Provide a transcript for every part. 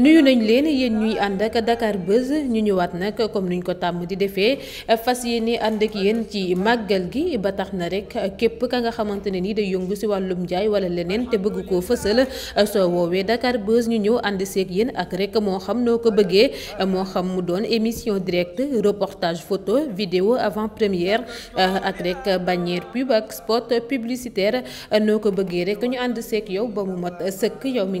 nuyu nañ leen yéen ñuy ànd ak Dakar Buzz ñu ñëwaat nag comme nuñ ko tàmm di defee fas yéene ànd ak yéen ci màggal gi ba tax na rek képp ka nga xamante ne ni day yëngu si wàllum jaay wala leneen te bëgg koo fësal soo woowee Dakar Buzz ñu ñëw ànd seeg yéen ak rek moo xam noo ko bëggee moo xam mu doon émission direct reportage photo vidéo avant première ak rek bannière pub ak spot publicitaire noo ko bëggee rek ñu ànd seeg yow ba mu mat sëkk yow mi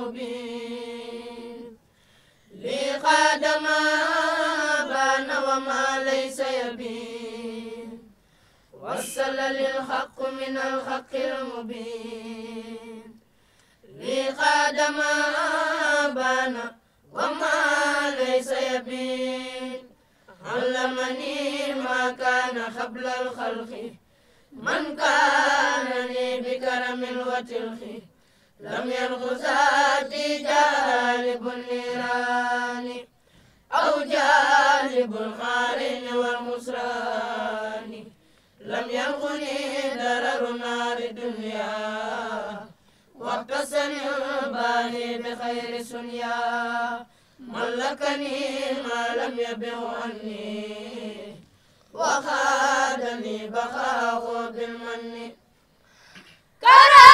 مبين لقد ما بان وما ليس يبين وصل للحق من الحق المبين لقد ما بان وما ليس يبين علمني ما كان قبل الخلق من كان لي بكرم وتلخي لم يرخص جالب النيران أو جالب الخارين والمسران لم يلقني درر نار الدنيا وابتسني الباني بخير سنيا ملكني ما لم يبه عني وخادني بخاه بالمن كرم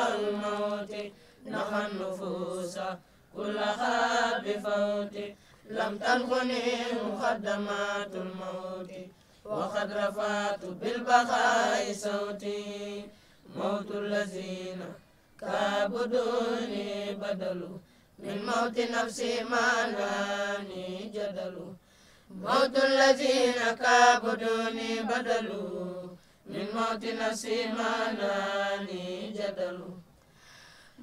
نحى النفوس كلها بفوت لم تنخني مقدمات الموت وقد رفعت بالبقاء صوتي موت الذين كابدوني بدلوا من موت نفسي ما ناني جدلوا موت الذين كابدوني بدلوا من موت نفسي ما ناني جدلوا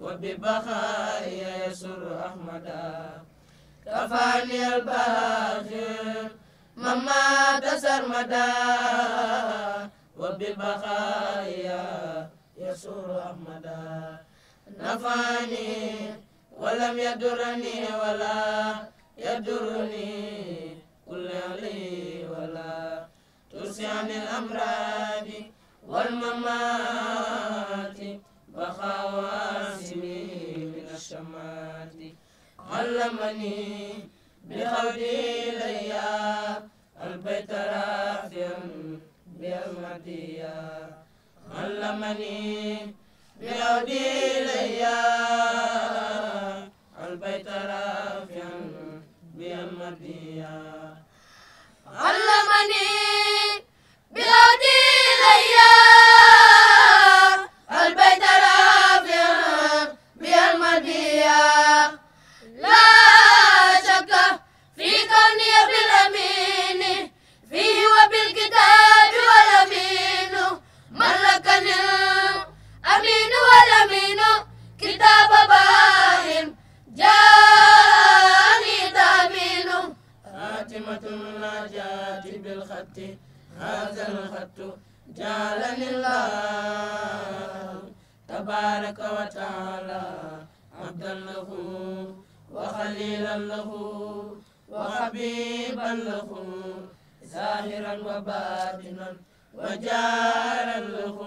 وببخائي يسر أحمدا كفاني الباخر مما تسرمدا وببخائي يسر أحمدا نفاني ولم يدرني ولا يدرني كل علي ولا ترسعني الأمراض والممات وخواسمي من الشمات علمني بخودي ليا البيت رافيا بأمتيا علمني بخودي ليا البيت رافيا بأمتيا علمني خليلا له وحبيبا له ظاهرا وباطنا وجارا له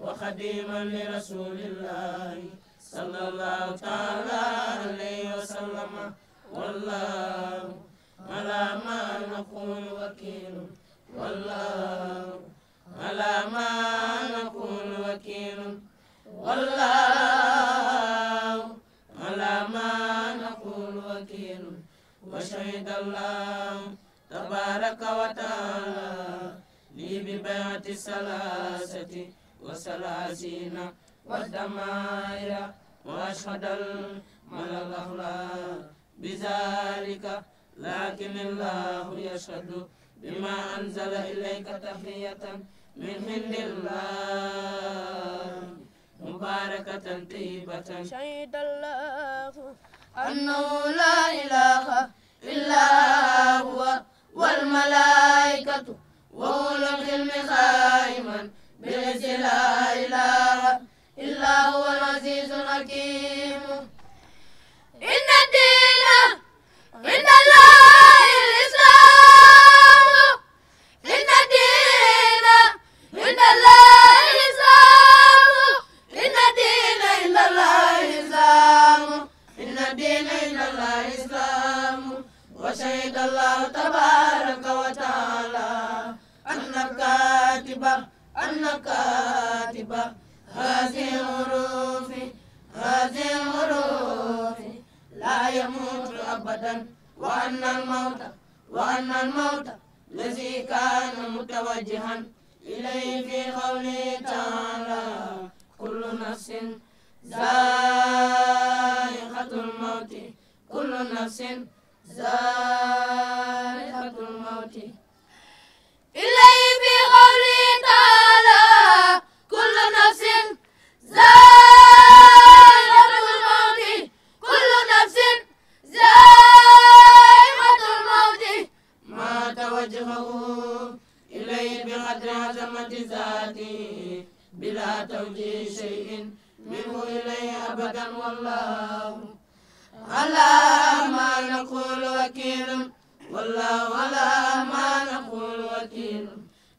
وخديما لرسول الله صلى الله تعالى عليه وسلم والله على ما نقول وكيل والله على ما الله تبارك وتعالى لي ببيعة الثلاثة وثلاثين والدمائر وأشهد المل الأخلاق بذلك لكن الله يشهد بما أنزل إليك تحية من عند الله مباركة طيبة شهد الله أنه لا إله إلا هو والملائكة وأولو العلم قائما بالعز لا إله إلا هو العزيز الحكيم وأن الموت وأن الموت الذي كان متوجها إليه في قوله تعالى كل نفس ذائقة الموت كل نفس ذائقة الموت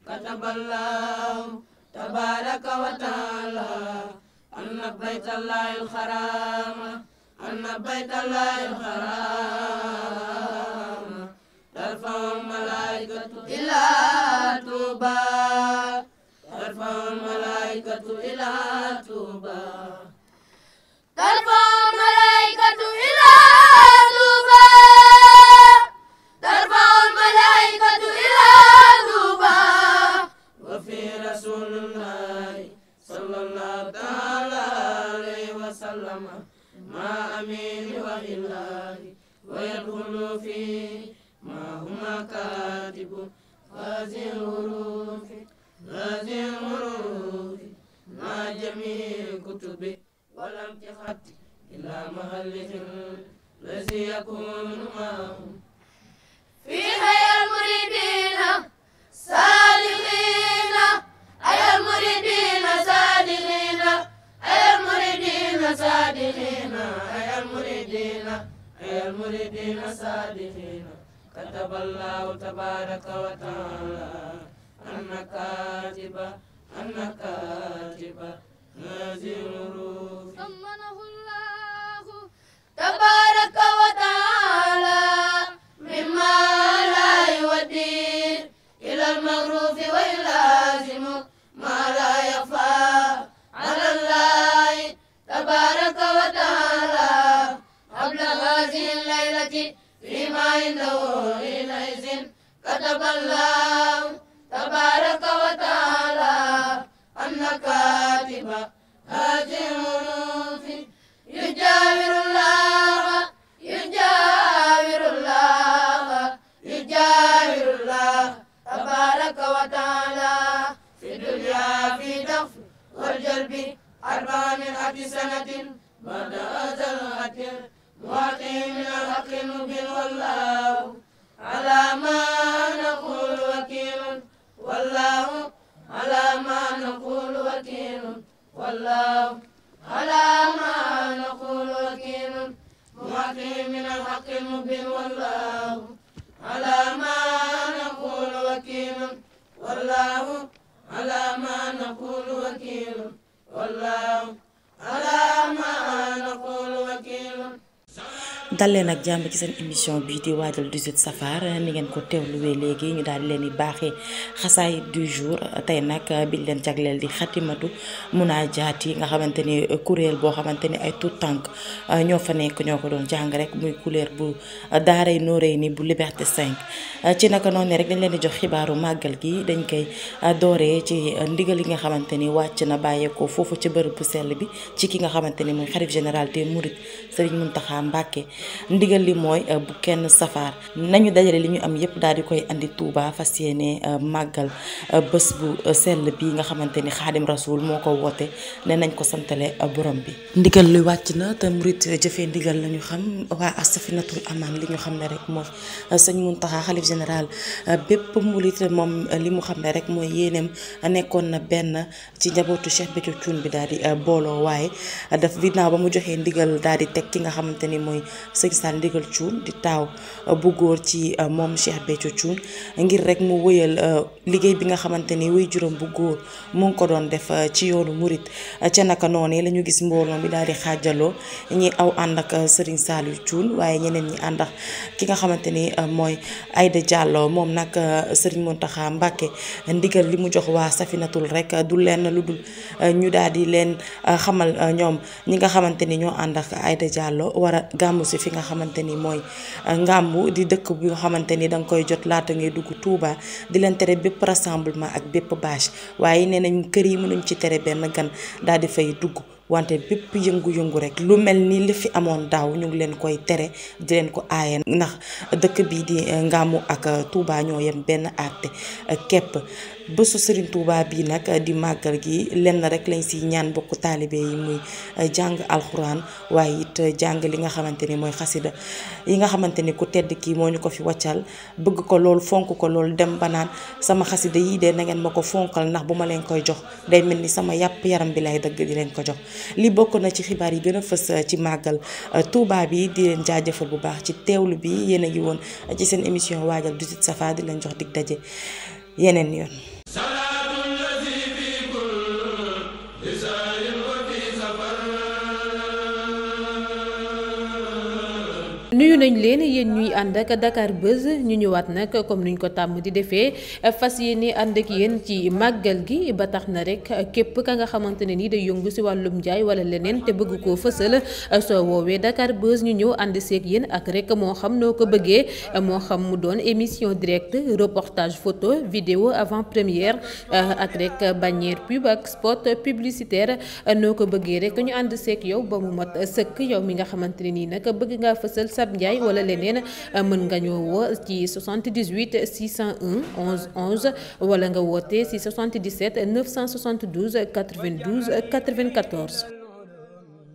كتب الله تبارك وتعالى أن بيت الله الحرام أن بيت الله الحرام ترفع الملائكة إلى طوبى ترفع الملائكة إلى طوبى ترفع كتب الله تبارك وتعالى أنك كاتبة أنك كاتبة نازل الروح ثمنه الله تبارك وتعالى عنده حينئذ كتب الله تبارك وتعالى أن كاتب هذه الحروف يجاور الله يجاور الله يجاور الله تبارك وتعالى في الدنيا في دفع والجلب أربع من ألف سنة بعد أزل نعطيه من الحق المبين والله على ما نقول وكيل والله على ما نقول وكيل والله على ما نقول وكيل معطيه من الحق المبين والله على ما dalee nag jàmm ci seen émission bii di waajal 18 safar ni ngeen ko teewluwee léegi ñu daal leen di baaxee xasaay du jour tey nag euh, biñ leen jagleel di xatimatu munaajaat yi nga xamante ni euh, kuréel boo xamante ni ay tout tànk euh, ñoo fa nekk ñoo ko doon jàng rek muy couleur bu daaray noorey ni bu Liberté 5 ci naka noonu rek dañ leen di jox xibaaru màggal gi dañ koy dooree ci ndigal yi nga xamante ni wàcc na bàyyeekoo foofu ci bërëb bu sell bi ci ki nga xamante ni muy xarit général des Mourides Serigne Mountakha Mbacké ndigal li mooy euh, bu kenn safaar nañu dajale li ñu am yëpp daal di koy andi Touba fas yéene euh, màggal euh, bés bu sell bi nga xamante ni xaadim rasul moo ko woote ne nañ ko santale borom bi. ndigal li wàcc na te murit jëfee ndigal la ñu xam waa Asafinatul Amaan li ñu xam ne rek sëñ Muntaxa xalif général bépp moom li mu xam ne rek mooy yéeneem nekkoon na benn ci njabootu Cheikh Béthio Thioune bi daal di booloo waaye daf ginnaaw ba mu joxee ndigal daal di teg ki nga xamante ni mooy. sëñ Sall ndigal Thioune di taaw euh, bu góor ci euh, moom Cheikh Béthio Thioune ngir rek mu wëyal euh, liggéey bi nga xamante ni way juróom bu góor mu ngi ko doon def ci yoonu murit ca naka noonu la ñu gis mbooloo mi daal di xaajaloo ñi aw ànd ak sëriñ Saliou Thioune waaye ñeneen ñi ànd ak ki nga xamante ni mooy Aïda jàlloo moom nag sëriñ Mountakha Mbacké ndigal li mu jox waa Safinatul rek du lenn lu dul ñu daal di leen xamal ñoom ñi nga xamante ñoo ànd ak Aïda Diallo war a si fi fi nga xamante ni mooy euh, Ngàmbu di dëkk bi nga xamante ni da nga koy jot laata ngay dugg Touba di leen tere bépp rassemblement ak bépp bâche waaye nee nañ kër yi mënuñ ci tere benn gan daal di fay dugg. wante bépp yëngu-yëngu rek lu mel ni li fi amoon daaw ñu ngi leen koy tere di leen ko aaye ndax dëkk bii di euh, Ngàmbu ak euh, Touba ñoo yem benn àtte képp bësu Serigne Touba yi nag di màggal gi lenn rek lañ si ñaan bokk taalibe yi muy eh, jàng alxuraan waaye it jàng li nga xamante ni mooy xasida yi nga xamante ni ku tedd kii moo ñu ko fi waccal bëgg ko lool fonk ko lool dem ba naan sama xasida yii de na ngeen ma ko fonkal ndax bu ma leen koy jox day mel ni sama yàpp yaram bi lay dëgg di leen ko jox li bokk na ci xibaar yi gën a fës eh, ci màggal eh, Touba bi di leen jaajëfal bu baax ci teewlu bi yéen a ngi woon ci seen émission waajal du site safa di leen jox dig daje yeneen yoon nuyu nañ leen yéen ñuy ànd ak Dakar Buzz ñu ñëwaat nag comme nuñ ko tàmm di defee fas yéene ànd ak yéen ci màggal gi ba tax na rek képp ka nga xamante ne ni day yëngu si wàllum njaay wala leneen te bëgg koo fësal soo woowee Dakar Buzz ñu ñëw ànd seeg yéen ak rek moo xam noo ko bëggee moo xam mu doon émission direct reportage photo vidéo avant première ak rek bannière pub ak spot publicitaire noo ko bëggee rek ñu ànd seeg yow ba mu mat sëkk yow mi nga Ndiaye wala leneen euh, mën nga ñoo woo ci 78 601 11 11 wala nga woote ci 77 972 92 94.